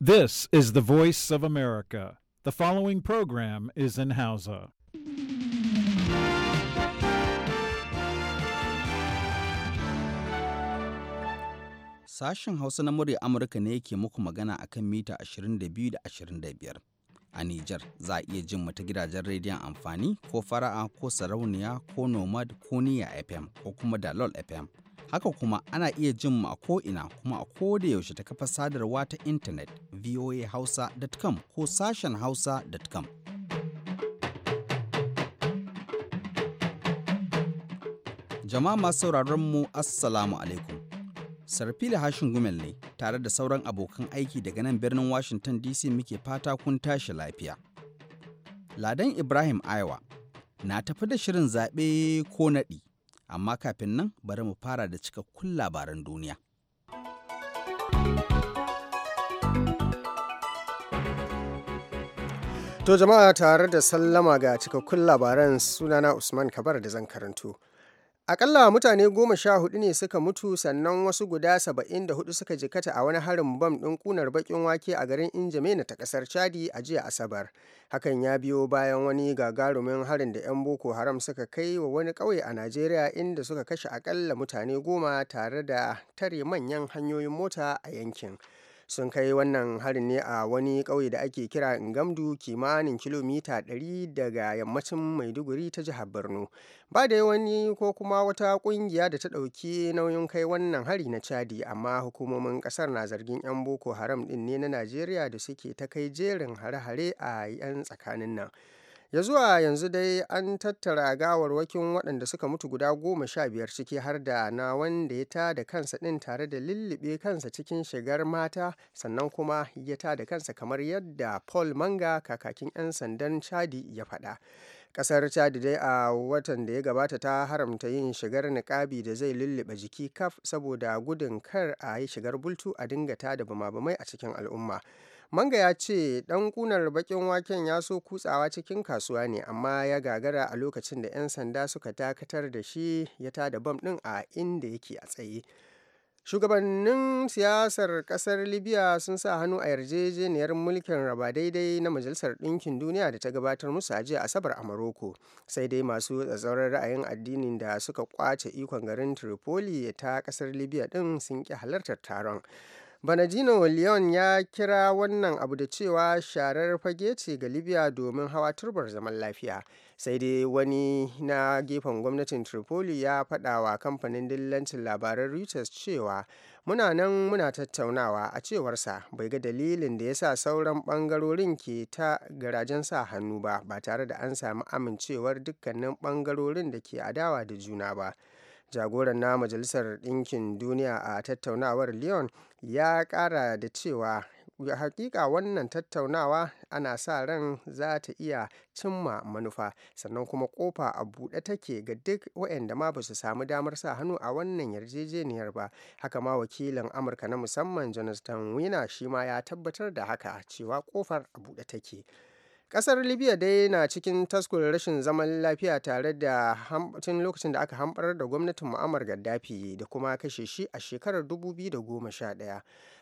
This is the voice of America. The following program is in Hausa. Sashen Hausa na murya Amurka ne yake muku magana a kan mita 22 da 25. A Nijar za a iya jin ta gidajen rediyon amfani ko fara'a ko sarauniya ko nomad ko niya FM ko kuma dalol FM. Haka kuma ana iya jin mu a ko'ina kuma a koda yaushe ta kafa sadarwa ta intanet voahausa.com ko sashen hausa.com. Jama'a masu sauraron mu Assalamu alaikum. Sarfila hashin gumel ne tare da sauran abokan aiki daga nan birnin Washington DC muke fata kun tashi lafiya. Ladan Ibrahim Aiwa na tafi da shirin zaɓe ko naɗi amma kafin nan bari mu fara da cikakkun labaran duniya. To jama'a tare da sallama ga cikakkun labaran sunana Usman Kabar da zan karanto. Akalla mutane goma sha hudu ne suka mutu sannan wasu guda saba'in da hudu suka jikata a wani harin bam ɗin ƙunar baƙin wake a garin Injamena ta ƙasar Chadi a jiya Asabar. Hakan ya biyo bayan wani gagarumin harin da 'yan Boko Haram suka kai wa wani ƙauye a Najeriya inda suka kashe akalla mutane goma tare da tare manyan hanyoyin mota a yankin. sun kai wannan harin ne a wani ƙauye da ake kira ngamdu kimanin kilomita 100 daga yammacin maiduguri ta jihar borno ba da wani ko kuma wata ƙungiya da ta ɗauki nauyin kai wannan hari na chadi amma hukumomin ƙasar na zargin 'yan boko haram ɗin ne na najeriya da suke ta kai jerin hare-hare a 'yan tsakanin nan ya zuwa yanzu dai an tattara gawarwakin waɗanda suka mutu guda goma sha biyar ciki har da na wanda ya ta da kansa ɗin tare da lullube kansa cikin shigar mata sannan kuma ya ta da kansa kamar yadda paul manga kakakin 'yan sandan chadi ya faɗa kasar chadi dai a watan da ya gabata ta haramta yin shigar niƙabi da zai lullube jiki kaf saboda gudun kar a yi shigar bultu a dinga ta da bama-bamai a cikin al'umma Manga ya ce dan kunar bakin waken ya so kutsawa cikin kasuwa ne amma ya gagara a lokacin da 'yan sanda suka dakatar da shi ya tada bam din a inda yake a tsaye. shugabannin siyasar kasar libya sun sa hannu a yarjejeniyar mulkin raba daidai na majalisar ɗinkin duniya da ta gabatar musu a jiya asabar a maroko sai dai masu tsatsauran ra'ayin addinin da suka kwace ikon garin tripoli ta kasar libya ɗin sun ƙi halartar taron banadino Leon ya kira wannan abu da cewa sharar fage ce ga Libya domin hawa turbar zaman lafiya. Sai dai wani na gefen gwamnatin Tripoli ya faɗa wa kamfanin dillancin labaran Reuters cewa muna nan muna tattaunawa a cewarsa bai ga dalilin da ya sa sauran bangarorin ke ta garajen sa hannu ba ba tare da an sami amincewar dukkanin bangarorin da ke adawa da juna ba. jagoran na majalisar ɗinkin duniya a tattaunawar leon ya ƙara da cewa hakika wannan tattaunawa ana sa ran za ta iya cimma manufa sannan kuma kofa a buɗe take ga duk waɗanda ma ba su samu damar sa hannu a wannan yarjejeniyar ba haka ma wakilin amurka na musamman jonathan wina shi ma ya tabbatar da haka cewa kofar a buɗe take kasar Libya dai na cikin taskul rashin zaman lafiya tare da tun lokacin da aka hamɓar da gwamnatin Muammar Gaddafi da kuma kashe shi a shekarar 2011.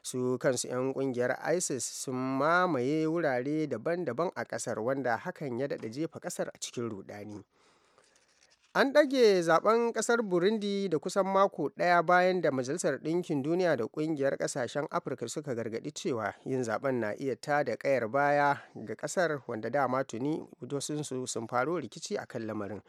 Su kansu 'yan kungiyar ISIS sun mamaye wurare daban-daban a kasar wanda hakan ya daɗa jefa kasar a cikin rudani. An ɗage zaben ƙasar Burundi da kusan mako ɗaya bayan da Majalisar Ɗinkin Duniya da Ƙungiyar Ƙasashen Afirka suka gargaɗi cewa yin zaben na iya ta da ƙayar baya ga ƙasar wanda dama tuni wasunsu sun faro rikici a kan lamarin.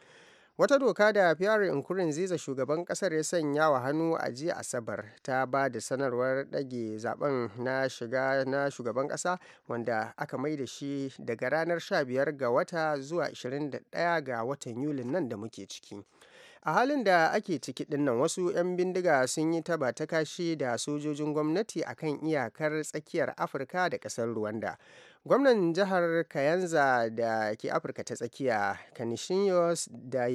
Wata doka da Pierre ziza shugaban kasar ya sanya wa hannu a jiya Asabar ta ba da sanarwar ɗage zaben na shiga na shugaban ƙasa wanda aka mai da shi daga ranar 15 ga wata zuwa 21 ga watan Yulin nan da muke ciki. a halin da ake ciki dinnan wasu 'yan bindiga sun yi taba ta kashi da sojojin gwamnati a kan iyakar tsakiyar afirka da ƙasar rwanda gwamnan jihar kayanza da ke afirka ta tsakiya kanishiyos da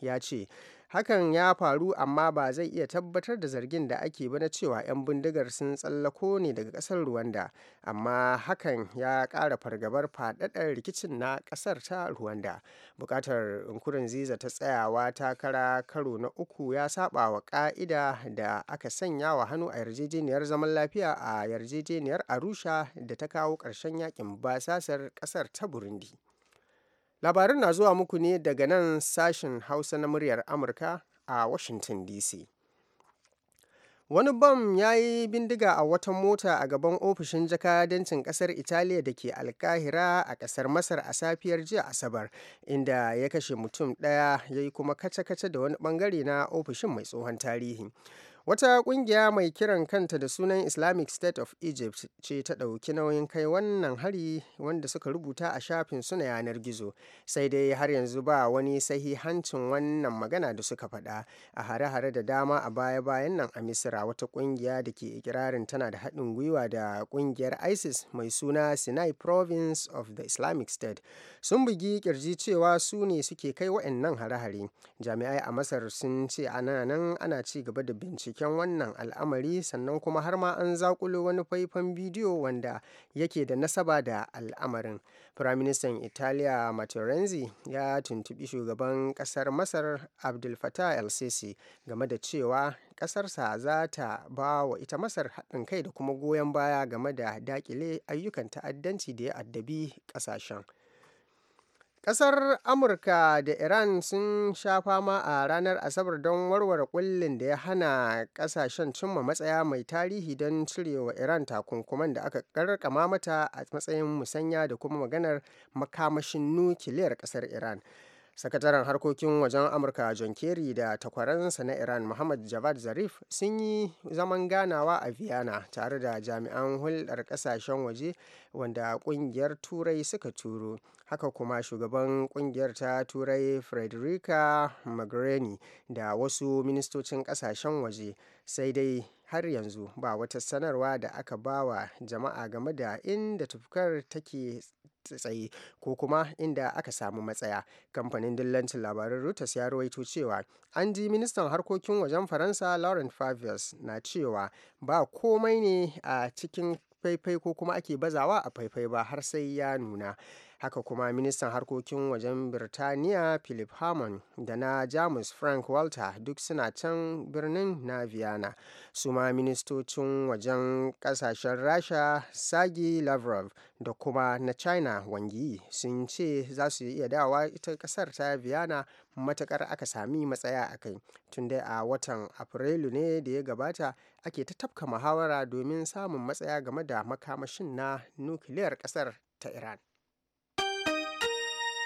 ya ce Hakan ya faru amma ba zai iya tabbatar da zargin da ake ba na cewa 'yan bindigar sun tsallako ne daga kasar Ruwanda, amma hakan ya ƙara fargabar faɗaɗar rikicin na ƙasar ta Ruwanda. Buƙatar ziza ta tsayawa takara karo na uku ya saba wa ƙa'ida da aka sanya wa hannu a yarjejeniyar zaman lafiya a yarjejeniyar Arusha da ta kawo ƙarshen yakin basasar ƙasar ta Burundi. labarin na zuwa muku ne daga nan sashen hausa na muryar amurka a washington dc wani bam ya yi bindiga a wata mota a gaban ofishin jakadancin kasar italiya da ke alkahira a kasar masar a safiyar jiya asabar inda ya kashe mutum ɗaya ya yi kuma kace-kace da wani bangare na ofishin mai tsohon tarihi Wata ƙungiya mai kiran kanta da sunan Islamic State of Egypt ce ta ɗauki nauyin kai wannan hari wanda suka rubuta a shafin suna yanar gizo. Sai dai har yanzu ba wani sahihancin wannan magana da suka faɗa a hare-hare da dama a baya-bayan nan a Misira wata ƙungiya da ke ikirarin tana da haɗin gwiwa da ƙungiyar ISIS mai suna Sinai Province of the Islamic State sun bugi kirji cewa su ne suke kai waɗannan hare-hare. Jami'ai a Masar sun ce ana nan ana ci gaba da bincike binciken wannan al'amari sannan kuma har ma an zakulo wani faifan bidiyo wanda yake da nasaba da al'amarin firaministan italiya matteo renzi ya tuntubi shugaban kasar masar abdul fattah el sisi game da cewa kasarsa za ta ba wa ita masar haɗin kai da kuma goyon baya game da dakile ayyukan ta'addanci da ya addabi ƙasashen. Ƙasar Amurka da Iran sun sha fama a ranar Asabar don warware ƙullin da ya hana ƙasashen cimma matsaya mai tarihi don cirewa Iran takunkuman da aka ƙarƙama mata a matsayin musanya da kuma maganar makamashin nukiliyar ƙasar Iran. sakataren harkokin wajen amurka john kerry da takwaransa na iran muhammad javad zarif sun yi zaman ganawa a vienna tare da jami'an hulɗar ƙasashen waje wanda ƙungiyar turai suka turo haka kuma shugaban ƙungiyar ta turai frederica magrini da wasu ministocin ƙasashen waje sai dai har yanzu ba wata sanarwa da aka ba wa jama'a game da inda tufkar take tsaye ko kuma inda aka samu matsaya kamfanin dillancin labarin reuters ya rawaito cewa an ji ministan harkokin wajen faransa laurent favius na cewa ba komai ne a cikin faifai ko kuma ake bazawa a faifai ba har sai ya nuna haka kuma ministan harkokin wajen birtaniya philip hammond da na jamus frank walter duk suna can birnin na vienna su ma ministocin wajen kasashen rasha sagi lavrov da kuma na china wangi sun ce za su iya dawa ita kasar ta vienna matakar aka sami matsaya a kai tun dai a watan afrilu ne da ya gabata ake ta tafka muhawara domin samun matsaya game da makamashin na nukiliyar kasar ta iran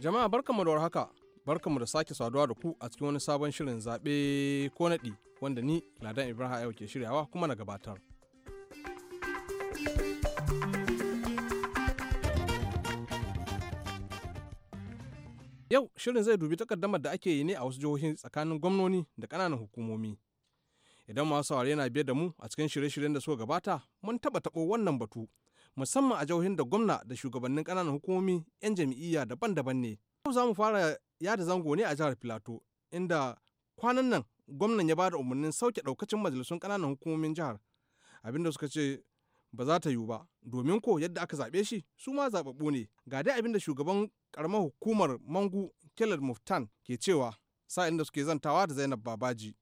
Jama'a barkanmu da warhaka. mu da sake saduwa da ku a cikin wani sabon shirin zaɓe ko naɗi wanda ni Ladan Ibrahim yau ke shiryawa kuma na gabatar. Yau shirin zai dubi takaddamar da ake yi ne a wasu jihohin tsakanin gwamnoni da ƙananan hukumomi. Idan masu saurare yana biye da mu a cikin shirye-shiryen da suka gabata, mun taɓa taɓo wannan batu musamman a jihohin da gwamna da shugabannin ƙananan hukumomi 'yan jam'iyya daban-daban ne. Yau za mu fara yada zango ne a jihar Filato, inda kwanan nan gwamnan ya bada umarnin sauke ɗaukacin majalisun ƙananan hukumomin jihar. Abinda suka ce ba za ta yiwu ba, domin ko yadda aka zaɓe shi su ma zaɓaɓɓu ne. Ga dai abinda shugaban ƙaramar hukumar Mangu Kelad Muftan ke cewa sa'in da suke zantawa da Zainab Babaji.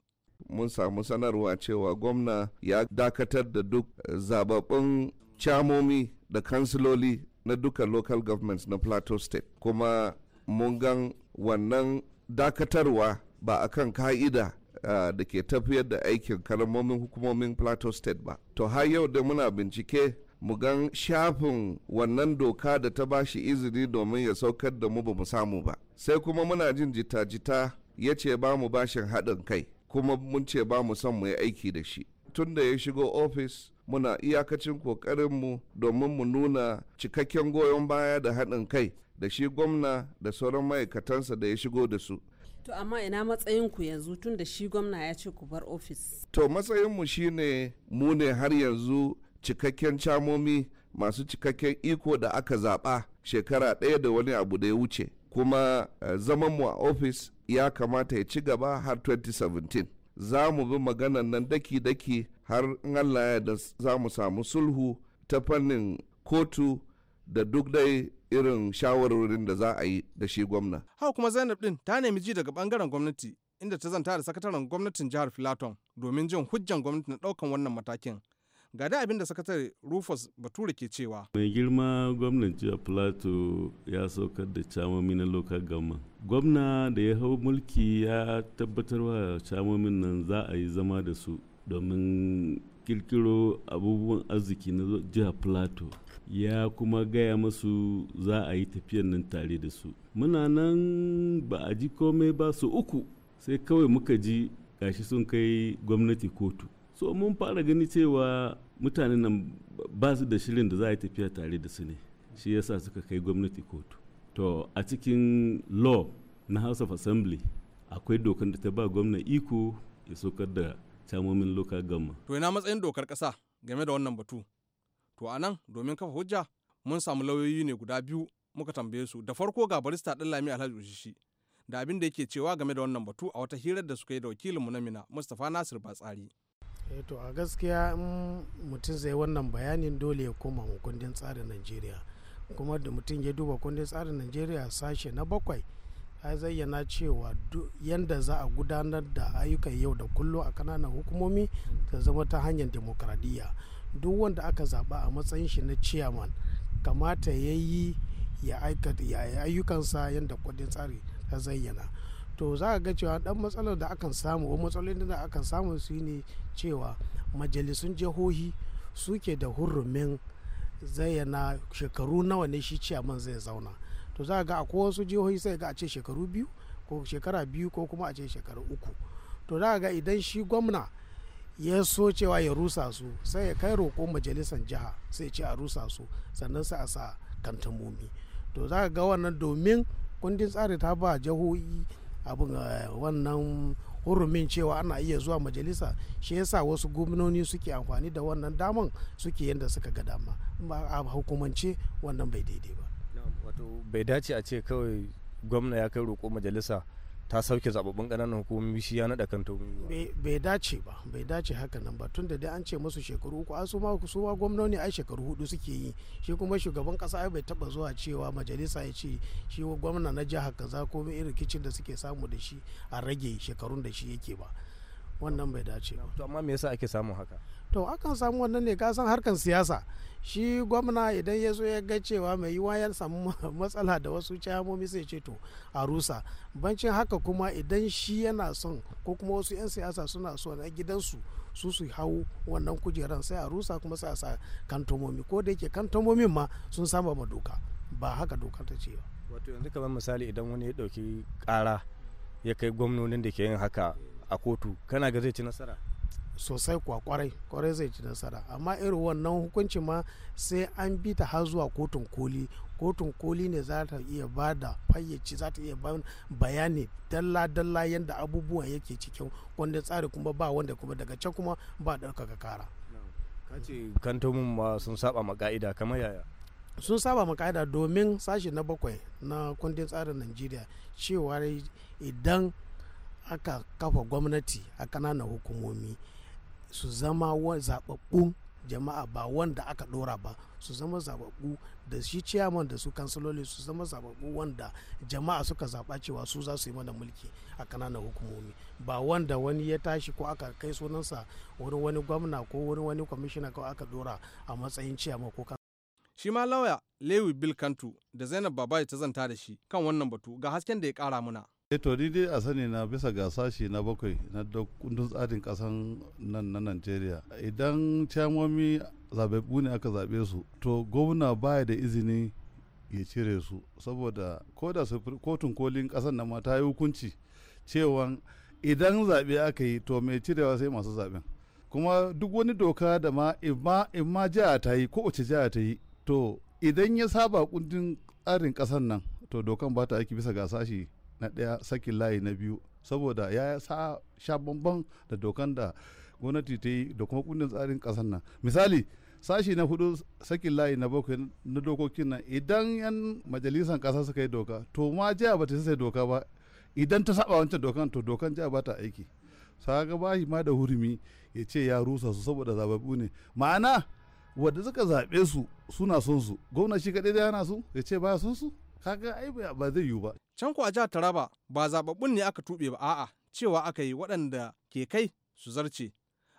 mun samu sanarwa cewa gwamna ya dakatar da duk eh, zababbin camomi da kansiloli na duka local governments na plateau state kuma mun gan wannan dakatarwa ba a kan ka'ida uh, da ke tafiyar da aikin karamomin hukumomin plateau state ba to har yau da muna bincike mu gan shafin wannan doka da ta ba shi izini domin ya saukar da mu ba mu samu ba sai kuma muna jin jita-jita ya ce ba mu bashin haɗin kai kuma mun ce ba mu son mu yi aiki da shi tun da ya shigo ofis muna iyakacin ƙoƙarinmu domin mu nuna cikakken goyon baya da haɗin kai da shi gwamna da sauran ma'aikatansa da ya shigo da su. To amma ina ku yanzu tun da shi gwamna ya ce ku bar ofis. To matsayin matsayinmu shine mu ne har yanzu cikakken camomi masu cikakken iko da aka zaɓa shekara ɗaya da wani abu da ya wuce. Kuma eh, zaman mu a ofis ya kamata ya ci gaba har 2017. Za mu bi maganan nan daki-daki har in allah ya da za mu samu sulhu ta fannin kotu da duk dai irin shawarwarin da za a yi da shi gwamna. hau kuma Zainab din ta nemi ji daga bangaren gwamnati inda ta zanta da sakataren gwamnatin jihar Filaton domin jin hujjan gwamnati na daukan wannan matakin. Ga da abin da sakatare Rufus Bature ke cewa. Mai girma gwamnan jihar Filato ya saukar da camomi na lokal gama. Gwamna da ya hau mulki ya tabbatarwa camomin nan za a yi zama da su domin kirkiro abubuwan arziki na jihar plato ya kuma gaya masu za a yi tafiyan nan tare da su muna nan ba a ji komai ba su uku sai kawai muka ji gashi sun kai gwamnati kotu so mun fara gani cewa mutanen nan ba su da shirin da za a yi tafiya tare da su ne shi yasa suka kai gwamnati kotu to a cikin law na house of assembly akwai dokar da ta ba gwamna iko ya sokar da camomin local government. To ina matsayin dokar kasa game da wannan batu. To a nan domin kafa hujja mun samu lauyoyi ne guda biyu muka tambaye su da farko ga barista ɗin Lami Alhaji Ushishi da abin da yake cewa game da wannan batu a wata hirar da suka yi da wakilinmu na Mina Mustapha Nasir Batsari. Eh to a gaskiya in mutum zai wannan bayanin dole ya koma kundin tsarin Najeriya. kuma da mutum ya duba kundin tsarin Najeriya sashe na bakwai ya zayyana cewa yadda za a gudanar da ayyukan yau da kullum a kananan hukumomi ta zama ta hanyar demokradiyya duk wanda aka zaba a matsayin shi na chairman kamata ya yi ya ayyukansa yadda kudin tsari ta zayyana to za ga cewa dan matsalar da akan samu ko matsalolin da akan samu su ne cewa majalisun jihohi suke da hurumin zayyana shekaru nawa ne shi chairman zai zauna to za ga akwai wasu jihohi sai ga a ce shekaru biyu ko shekara biyu ko kuma a ce shekaru uku to za ga idan shi gwamna ya so cewa ya rusa su sai ya kai roƙo majalisar jiha sai ce a rusa su sannan sai a sa kantamomi to za ga wannan domin kundin tsari ta ba jihohi abin eh, wannan hurumin cewa ana iya zuwa majalisa shi yasa wasu gwamnoni suke amfani da wannan daman suke yadda suka ga dama ba a hukumance wannan bai daidai ba bai dace a ce kawai gwamna ya kai roƙo majalisa ta sauke zababbin ƙananan hukumomi shi ya naɗa kan bai dace ba bai dace haka nan ba tun da dai an ce musu shekaru uku su ma su ma gwamnoni ai shekaru hudu suke yi shi kuma shugaban kasa ai bai taba zuwa cewa majalisa ya ce shi gwamna na jihar kaza ko irin rikicin da suke samu da shi a rage shekarun da shi yake ba wannan bai dace ba to amma me yasa ake samu haka to akan samu wannan ne ka san harkan siyasa shi gwamna idan ya zo ya ga cewa mai yi ya samu matsala da wasu camomi sai ce to a rusa bancin haka kuma idan shi yana son ko kuma wasu 'yan siyasa suna so na gidansu su su hau wannan kujeran sai a rusa kuma sai a sa kantomomi ko da yake kantomomin ma sun saba ma doka ba haka doka ta ce wato yanzu kamar misali idan wani ya dauki kara ya kai gwamnonin da ke yin haka a kotu kana ga zai ci nasara sosai kwa kwarai kwarai zai ci nasara amma irin wannan hukunci ma sai an bi ta har zuwa kotun koli kotun koli ne za ta iya ba da fayyaci za ta iya ba bayani dalla dalla yadda abubuwa yake cikin wanda tsari kuma ba wanda kuma daga can kuma ba ɗaukaka kara kace kantomin ma sun saba ma ka'ida kamar yaya sun saba ma ka'ida domin sashi na bakwai na kundin tsarin najeriya cewa idan aka kafa gwamnati a kananan hukumomi su zama zababbun jama'a ba wanda aka ɗora ba su zama zaɓaɓɓu da shi ciyaman da su kansiloli su zama zaɓaɓɓu wanda jama'a suka zaɓa cewa su za su yi mana mulki a kananan hukumomi ba wanda wani ya tashi ko aka kai sunansa wani wani gwamna ko wani wani kwamishina ko aka ɗora a matsayin ciyaman ko shi ma lauya lewi bilkantu da zainab babaji ta zanta da shi kan wannan batu ga hasken da ya kara muna Eh, to ni dai a sani na bisa ga sashi na bakwai na kundin tsarin kasan nan na nigeria Idan camomi zababbu ne aka zaɓe su, to gwamna baya da izini ya cire su saboda ko da kotun kolin ƙasar nan ma ta yi hukunci cewa idan zaɓe aka yi to mai cirewa sai masu zaɓen. Kuma duk wani doka da ma imma jiya ta yi ko wace jiya ta yi to idan ya saba kundin tsarin ƙasar nan to dokan ba ta aiki bisa ga sashi na ɗaya sakin layi na biyu saboda ya sa sha bamban da dokan da gwamnati ta yi da kuma kundin tsarin ƙasar nan misali sashi na hudu sakin layi na bakwai na dokokin nan idan yan majalisar ƙasa suka yi doka to ma jiya ba ta sai doka ba idan ta saba wancan dokan to dokan jiya ba ta aiki saka ba shi ma da hurumi ya ce ya rusa su saboda zababbu ne ma'ana wadda suka zaɓe su suna son su gwamnati kaɗai da yana su ya ce ba son su kaga ai ba zai yiwu ba can ku a jihar taraba ba zababbun ne aka tuɓe ba a'a cewa aka yi waɗanda ke kai su zarce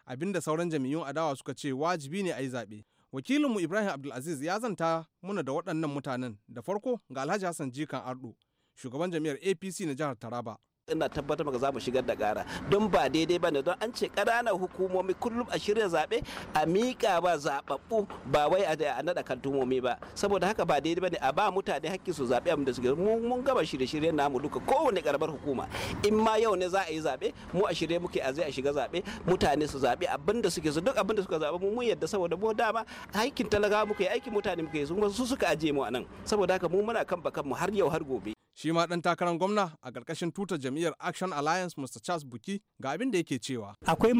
abinda sauran jami'un adawa suka ce wajibi ne a yi zaɓe wakilinmu ibrahim abdulaziz ya zanta muna da waɗannan mutanen da farko ga alhaji hassan jikan ardo shugaban jami'ar apc na jihar taraba ina tabbatar maka zamu shigar da kara don ba daidai ba ne don an ce ƙananan hukumomi kullum a shirya zaɓe a miƙa ba zaɓaɓɓu ba wai a naɗa kan tumomi ba saboda haka ba daidai ba ne a ba mutane hakki su zaɓe abin da suke mun gaba shirye-shiryen namu duka kowane karamar hukuma in ma yau ne za a yi zaɓe mu a shirye muke a zai a shiga zaɓe mutane su zaɓe abinda suke su duk abinda suka zaɓe mu mun yadda saboda mu dama aikin talakawa muke aikin mutane muke su su suka aje mu a nan saboda haka mu muna kan bakan mu har yau har gobe shi ma dan takarar gwamna a ƙarƙashin tuta jam'iyyar action alliance mr charles buki ga abin da yake cewa akwai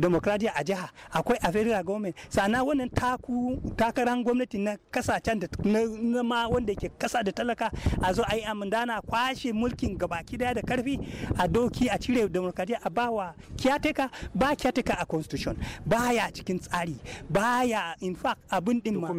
demokradiyya a jiha akwai a federal government sana wannan taku takarar gwamnati na kasashen da ma wanda ke kasa da talaka a zo a yi kwashe mulkin gabaki daya da karfi a doki a cire demokradiyya a bawa kyateka ba kyateka a constitution baya cikin tsari baya in fact abin din mu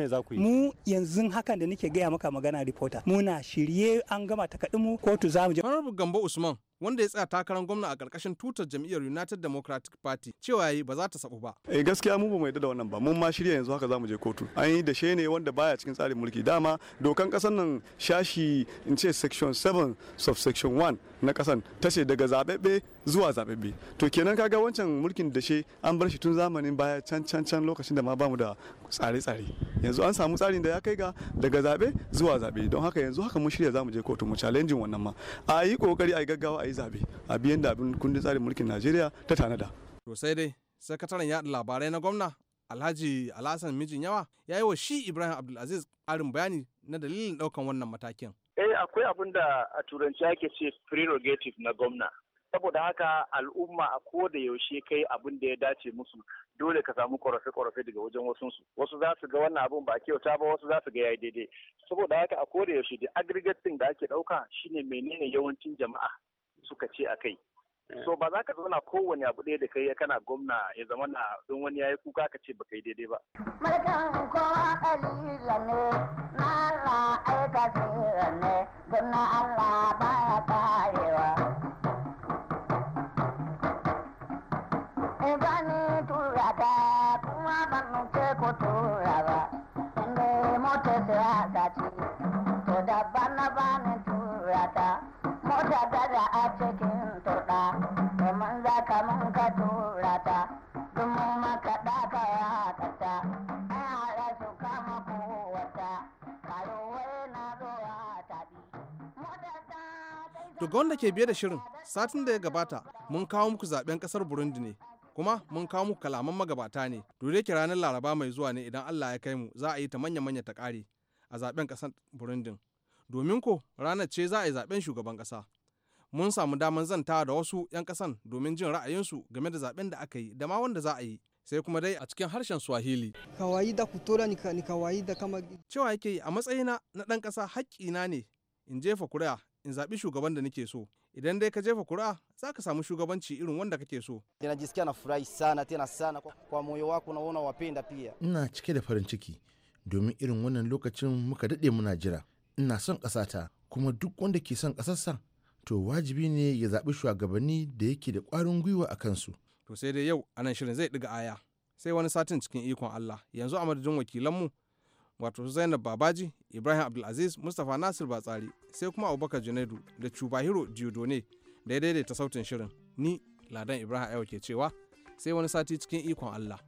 yanzu hakan da nake gaya maka magana reporter muna shirye an gama ta kaɗi kotu za mu je. Honorable Gambo Usman wanda ya tsaya takarar gwamna a ƙarƙashin tutar jam'iyyar United Democratic Party cewa yayi ba za ta sabu ba. Eh gaskiya mu ba mu yadda da wannan ba mun ma shirya yanzu haka za mu je kotu. An yi dashe ne wanda baya cikin tsarin mulki dama dokan ƙasar nan shashi in ce section 7 section 1 na kasan ta ce daga zaɓeɓɓe zuwa zaɓeɓɓe. To kenan kaga wancan mulkin dashe an bar shi tun zamanin baya can can can lokacin da ma bamu da tsare-tsare. yanzu an samu tsarin da ya kai ga daga zabe zuwa zabe don haka yanzu haka mun shirya zamu je kotu mu challenge wannan ma a yi kokari a yi gaggawa a yi zabe a biyan da abin kundin tsarin mulkin Najeriya ta tanada to sai dai sakataren yaɗa labarai na gwamna Alhaji Alhassan mijin yawa ya yi wa shi Ibrahim Abdulaziz ƙarin bayani na dalilin ɗaukan wannan matakin. Eh akwai abin da a turanci ake ce prerogative na gwamna. saboda haka al'umma a ko da yaushe kai abin da ya dace musu dole ka samu korafe korafe daga wajen wasu su wasu za su ga wannan abin ba kyauta ba wasu za su ga yayi daidai saboda haka a ko da yaushe da aggregate da ake dauka shine menene yawancin jama'a suka ce a kai eh. so ba za ka zauna kowane abu ɗaya da kai ya kana gwamna ya zama na don wani yi kuka ka ce ba yi daidai ba. Allah ba ya kare tura inda mota siyasa ce to daban na bani turata ta mota daga a cikin turɗa domin za ka mun ka tura ta dun maka ɗaka ya kata yara su kama kowata karuwai na zuwa tabi Daga wanda ke biye da shirin satin da ya gabata mun kawo muku zaben kasar Burundi ne kuma mun kawo muku kalaman magabata ne dole ki ranar laraba mai zuwa ne idan Allah ya kai mu za a yi ta manya manya ta kare a zaben kasar Burundin domin ko ranar ce za a yi zaben shugaban kasa mun samu daman zanta da wasu 'yan kasan domin jin ra'ayinsu game da zaben da aka yi da ma wanda za a yi sai kuma dai a cikin harshen Swahili. Kawaida kutura ni, ka, ni kawaida kama... Cewa yake a matsayina na ɗan ƙasa haƙƙina ne in jefa kuri'a in zaɓi shugaban da nake so idan dai ka jefa kura za ka samu shugabanci irin wanda kake so. na nafurahi sana tena sana kwa, moyo wako naona wapenda pia. Ina cike da farin ciki domin irin wannan lokacin muka daɗe muna jira. Ina son ƙasata kuma duk wanda ke son ƙasarsa to wajibi ne ya zaɓi shugabanni da yake da ƙwarin gwiwa a kansu. To sai dai yau anan shirin zai ɗiga aya sai wani satin cikin ikon Allah yanzu a madadin wakilanmu wato Zainab Babaji, Ibrahim Abdulaziz, Mustapha Nasir Batsari sai kuma abubakar junaidu da cubahiro diodone da ya daidaita sautin shirin ni ladan ibrahim ayo ke cewa sai wani sati cikin ikon allah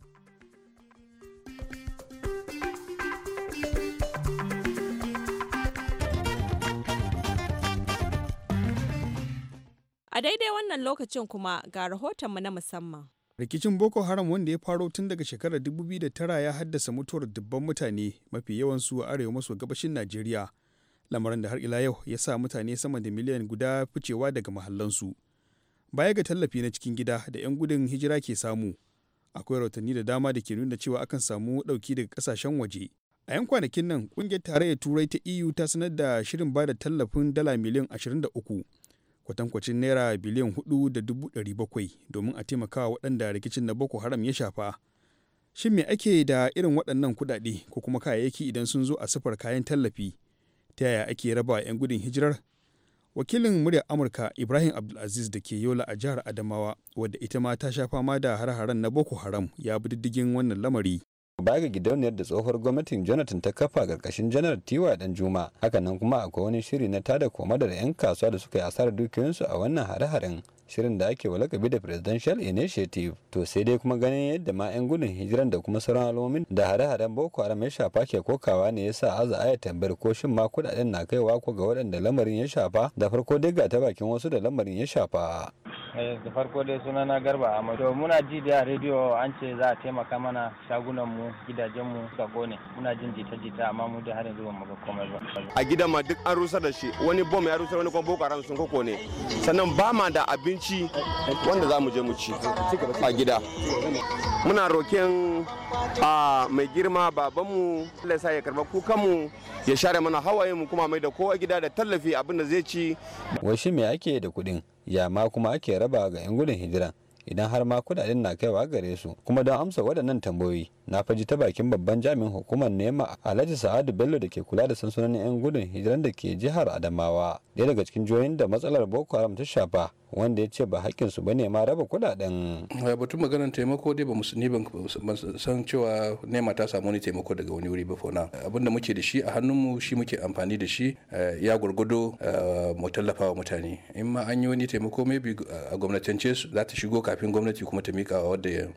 a daidai wannan lokacin kuma ga rahotonmu na musamman rikicin boko haram wanda ya faro tun daga shekarar 2009 ya haddasa mutuwar dubban mutane mafi yawansu a arewa maso gabashin najeriya lamarin da har ila yau ya sa mutane sama da miliyan guda ficewa daga mahallansu baya ga tallafi na cikin gida da 'yan gudun hijira ke samu akwai rautanni da dama da ke nuna cewa akan samu ɗauki daga ƙasashen waje a 'yan kwanakin nan ƙungiyar tarayyar turai ta eu ta sanar da shirin ba da tallafin dala miliyan 23 kwatankwacin naira biliyan 4.700 domin a taimakawa waɗanda rikicin na boko haram ya shafa shin me ake da irin waɗannan kuɗaɗe ko kuma kayayyaki idan sun zo a sufar kayan tallafi ta yaya ake raba 'yan gudun hijirar wakilin muryar amurka ibrahim abdulaziz da ke yola a jihar adamawa wadda ita ma ta sha fama da har-haren na boko haram ya bi diddigin wannan lamari baya ga gidauniyar da tsohuwar gwamnatin jonathan ta kafa karkashin janar tiwa dan juma hakanan kuma akwai wani shiri na tada koma da 'yan kasuwa da suka yi asarar dukiyoyinsu a wannan hare-haren shirin da ake walakabi da presidential initiative to sai dai kuma ganin yadda ma 'yan gudun hijiran da kuma sauran al'ummin da hare-haren boko haram ya shafa ke kokawa ne ya sa aza aya tambayar ko shin ma kudaden na kaiwa ko ga waɗanda lamarin ya shafa da farko dai ga ta bakin wasu da lamarin ya shafa da farko dai suna na garba amma to muna ji da rediyo an ce za a taimaka mana shagunan mu gidajen mu suka gone muna jin jita jita amma mu da har yanzu ba mu ga komai ba a gidan ma duk an rusa da shi wani bom ya rusa wani kuma boko haram sun koko ne sannan ba ma da abinci wanda za mu je mu ci a gida muna roken a mai girma babanmu Allah sa ya karba kukan mu ya share mana hawaye mu kuma mai da kowa gida da tallafi abin da zai ci wai shi me ake da kuɗin yama kuma ake raba ga 'yan gudun hijiran idan har ma kudaden na kaiwa gare su kuma don amsa waɗannan tambayoyi na faji ta bakin babban jami'in hukumar nema alhaji sa'adu bello da ke kula da sansanonin 'yan gudun hijiran da ke jihar adamawa ɗaya daga cikin jihohin da matsalar boko haram ta shafa wanda ya ce ba hakkin su ne ma raba kudaden batun maganar taimako dai ba musulmi ban san cewa nema ta samu wani taimako daga wani wuri ba fona abinda muke da shi a mu shi muke amfani da shi eh, ya gurgudo eh, mu tallafa wa mutane in ma an yi wani taimako maybe eh, a gwamnatance su za ta shigo kafin gwamnati kuma ta mika wadda eh,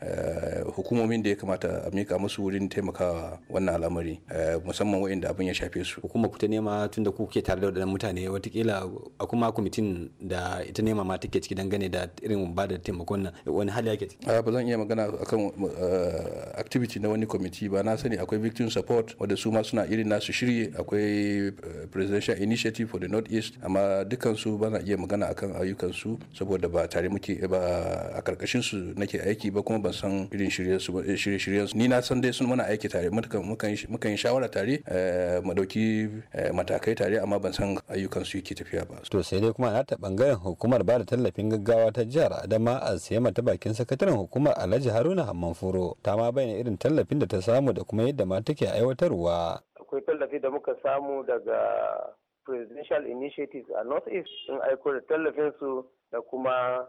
hukumomin da ya kamata a mika musu wurin taimakawa wannan al'amari eh, musamman wa'inda abin ya shafe su hukumar ku ta nema da ku kuke tare da waɗannan mutane watakila a kuma kwamitin da ita nema ma take ciki dangane da irin ba da taimakon nan wani hali yake ciki ah, ba zan iya magana akan eh, activity na wani kwamiti ba na sani akwai victim support wadda su ma suna irin nasu shirye akwai presidential initiative for the north east amma dukkan su ba na iya magana akan ayyukan su saboda ba tare muke ba karkashin su nake aiki ba kuma ban san irin shirye eh, su shirye shiryen ni na san dai sun mana aiki tare mukan yi shawara tare eh, mu dauki eh, matakai tare amma ban san ayyukan su yake tafiya ba to sai dai kuma na ta bangaren hukumar ba da tallafin gaggawa ta jihar Adama a sayama ta bakin sakataren hukumar Alhaji Haruna Hammanfuro ta ma bayyana irin tallafin da ta samu da kuma yadda ma take aiwatarwa akwai tallafi da muka samu daga presidential initiatives a north east sun aiko da tallafin su da kuma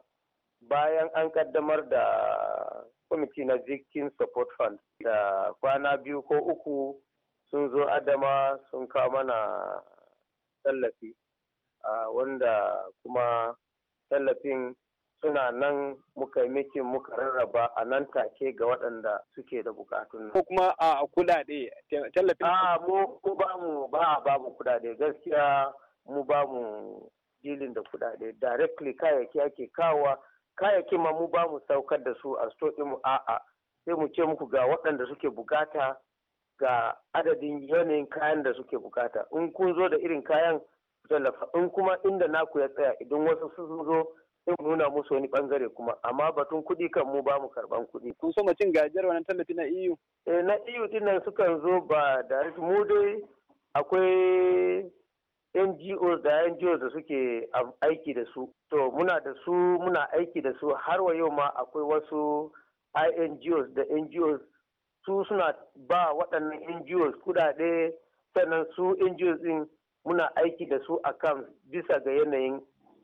bayan an kaddamar da kwamiti na victim support fund da kwana biyu ko uku sun zo adama sun kawo mana tallafi wanda kuma tallafin suna nan muka yi miki muka rarraba a nan take ga waɗanda suke da bukatun ko kuma a kudade tallafin a mu ba mu ba babu kudade gaskiya mu ba mu dilin da kudade directly kayayyaki ake kawo. kayayyakin ma mu ba mu saukar da su a sto mu a'a sai mu ce muku ga waɗanda suke bukata ga adadin yanayin kayan da suke bukata in kun zo da irin kayan tallafa in kuma inda naku ya tsaya idan wasu sun zo in nuna musu wani bangare kuma amma batun kuɗi kan mu ba mu karban kuɗi. kun so cin gajiyar wannan tallafi na eu. Eh, na eu din nan sukan zo ba da mu dai akwai NGO da NGOs da suke aiki da su. To muna da su muna aiki da su har wa yau ma akwai wasu INGOs da NGOs su suna ba waɗannan NGOs kudade sannan su NGOs din muna aiki da su akan bisa ga yanayin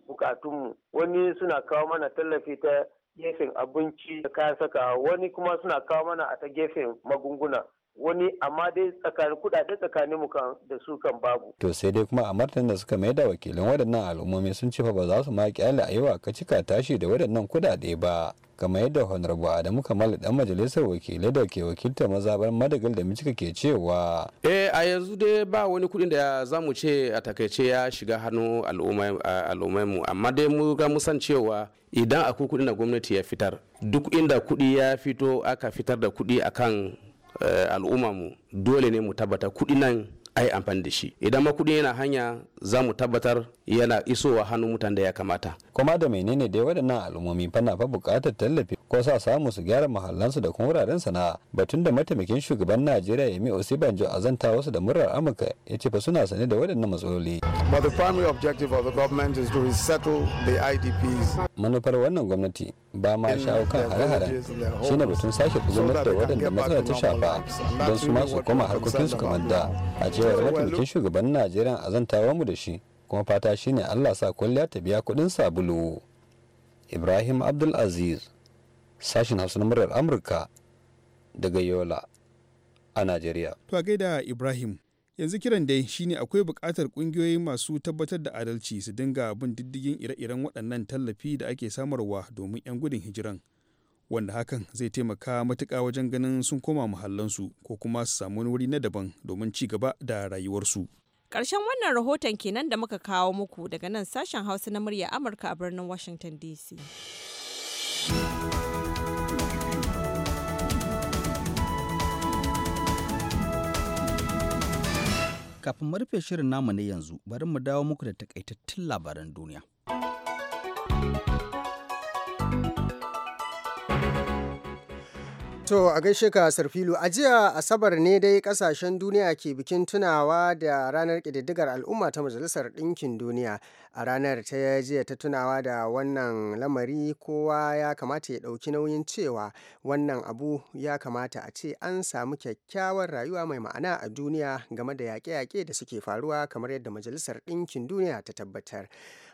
bukatunmu. Wani suna kawo mana tallafi ta gefen abinci da kayan saka wani kuma suna kawo mana a ta gefen magunguna. wani amma dai tsakanin kudaden tsakanin mu kan da su kan babu. To sai dai kuma a martanin da suka da wakilin waɗannan al'ummomi sun ce fa ba za su ma kyale a yi wa kacika tashi da waɗannan kudade ba. kamar yadda honorable adamu kamal dan majalisar wakilai da ke Wakilta mazabar madagal da mijika ke cewa eh a yanzu dai ba wani kudin da za mu ce a takaice ya shiga hannun al'ummai mu amma dai mu ga mu cewa idan akwai kuɗin da gwamnati ya fitar duk inda kuɗi ya fito aka fitar da kuɗi akan Eh, al'umma mu dole ne mu tabbata kuɗi nan a yi amfani da shi idan makudin yana hanya za mu tabbatar yana isowa hannun mutane da ya kamata kuma da menene dai waɗannan al'ummomi fa na fa buƙatar tallafi ko sa samu su gyara mahallansu da kuma wuraren sana'a batun da mataimakin shugaban najeriya yemi osibanjo a zanta wasu da murar amurka ya ce fa suna sane da waɗannan matsaloli but the primary objective of the government is to resettle the idps manufar wannan gwamnati ba ma shawo kan hare shi shine batun sake kuzumar da waɗanda matsala ta shafa don su ma su koma harkokinsu kamar da a cewar mataimakin shugaban najeriya a zantawa mu da shi kuma fata shi ne allah sa kwalliya ta biya kudin sabulu ibrahim abdulaziz sashin hausa na murar amurka daga yola a najeriya to a gaida ibrahim yanzu kiran dai shine akwai bukatar ƙungiyoyi masu tabbatar da adalci su dinga bin diddigin ire-iren waɗannan tallafi da ake samarwa domin 'yan gudun hijiran wanda hakan zai taimaka matuƙa wajen ganin sun koma muhallansu ko kuma su samu wani wuri na daban domin ci gaba da rayuwarsu. Ƙarshen wannan rahoton kenan da muka kawo muku daga nan sashen Hausa na murya Amurka a birnin Washington DC. Kafin mu rufe shirin namu na yanzu, bari mu dawo muku da takaitattun labaran duniya. To a gaishe ka Sarfilu a jiya Asabar ne dai kasashen duniya ke bikin tunawa da ranar ƙididdigar al'umma ta Majalisar Ɗinkin Duniya. A ranar ta jiya ta tunawa da wannan lamari kowa ya kamata ya ɗauki nauyin cewa wannan abu ya kamata a ce an samu kyakkyawar rayuwa mai ma'ana a duniya game da yaƙe-yaƙe da suke faruwa kamar yadda Majalisar Ɗinkin Duniya ta tabbatar.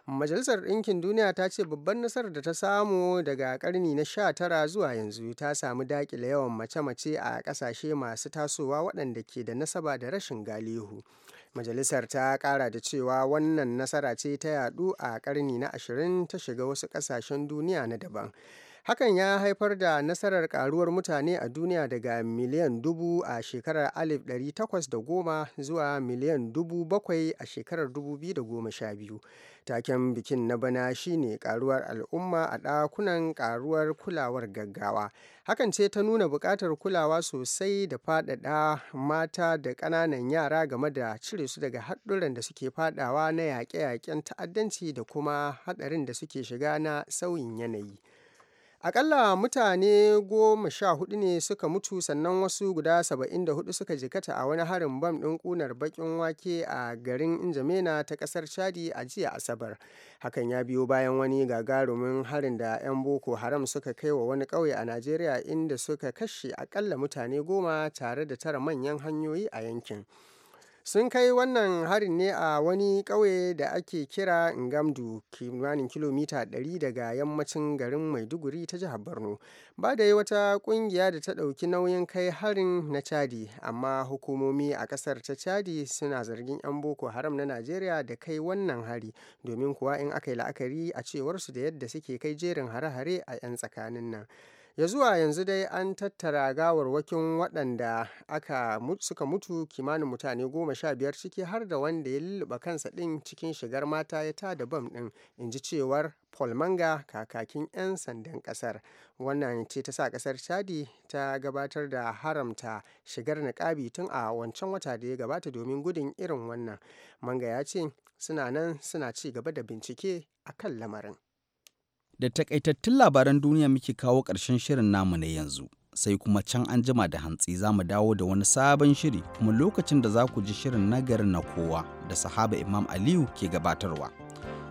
Majalisar Ɗinkin Duniya ta ce babban nasarar da ta samu daga ƙarni na 19 zuwa yanzu ta samu dakile yawan mace-mace a ƙasashe masu tasowa waɗanda ke da nasaba da rashin galihu. Majalisar ta ƙara da cewa wannan nasara ce ta yaɗu a karni na 20 ta shiga wasu ƙasashen duniya na daban. Hakan ya haifar da nasarar karuwar mutane a duniya daga miliyan dubu a shekarar 1810 zuwa miliyan dubu bakwai a shekarar 2012. Taken bikin na bana shine karuwar al'umma a ɗakunan karuwar kulawar gaggawa. Hakan ce ta nuna buƙatar kulawa sosai da faɗaɗa mata da ƙananan yara game da cire su daga haɗuran da suke faɗawa na yaƙe-yaƙen ta'addanci da kuma haɗarin da suke shiga na sauyin yanayi. Akalla mutane goma sha hudu ne suka mutu sannan wasu guda saba'in da hudu suka jikata a wani harin bam ɗin kunar baƙin wake a garin injamena ta ƙasar Chadi a jiya Asabar. Hakan ya biyo bayan wani gagarumin harin da 'yan Boko Haram suka kai wa wani ƙauye a Najeriya inda suka kashe akalla mutane goma tare da tara manyan hanyoyi a yankin. sun kai wannan harin ne a wani ƙauye da ake kira ngamdu kimanin kilomita 100 daga yammacin garin maiduguri ta jihar borno ba da yi wata ƙungiya da ta ɗauki nauyin kai harin na chadi amma hukumomi a ƙasar ta chadi suna zargin 'yan boko haram na najeriya da kai wannan hari domin kuwa in aka yi la'akari a cewarsu da yadda suke kai jerin hare-hare a 'yan tsakanin nan ya zuwa yanzu dai an tattara gawarwakin waɗanda aka suka mutu kimanin mutane goma sha biyar ciki har da wanda ya lulluɓa kansa ɗin cikin shigar mata ya ta da bam ɗin in ji cewar paul manga kakakin 'yan sandan ƙasar wannan ce ta sa ƙasar chadi ta gabatar da haramta shigar niƙabi tun a wancan wata da ya gabata domin gudun irin wannan manga ya ce suna nan suna ci gaba da bincike a kan lamarin Da takaitattun labaran duniya muke kawo ƙarshen shirin namu na yanzu. Sai kuma can an jima da hantsi za mu dawo da wani sabon shiri kuma lokacin da za ku ji shirin nagarin na kowa da sahaba Imam Aliyu ke gabatarwa.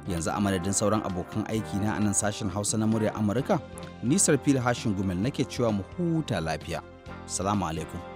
Yanzu a madadin sauran abokan aiki na anan sashen Hausa na murya Amurka, nisar fili hashin gumel nake cewa mu huta lafiya. Salamu alaikum.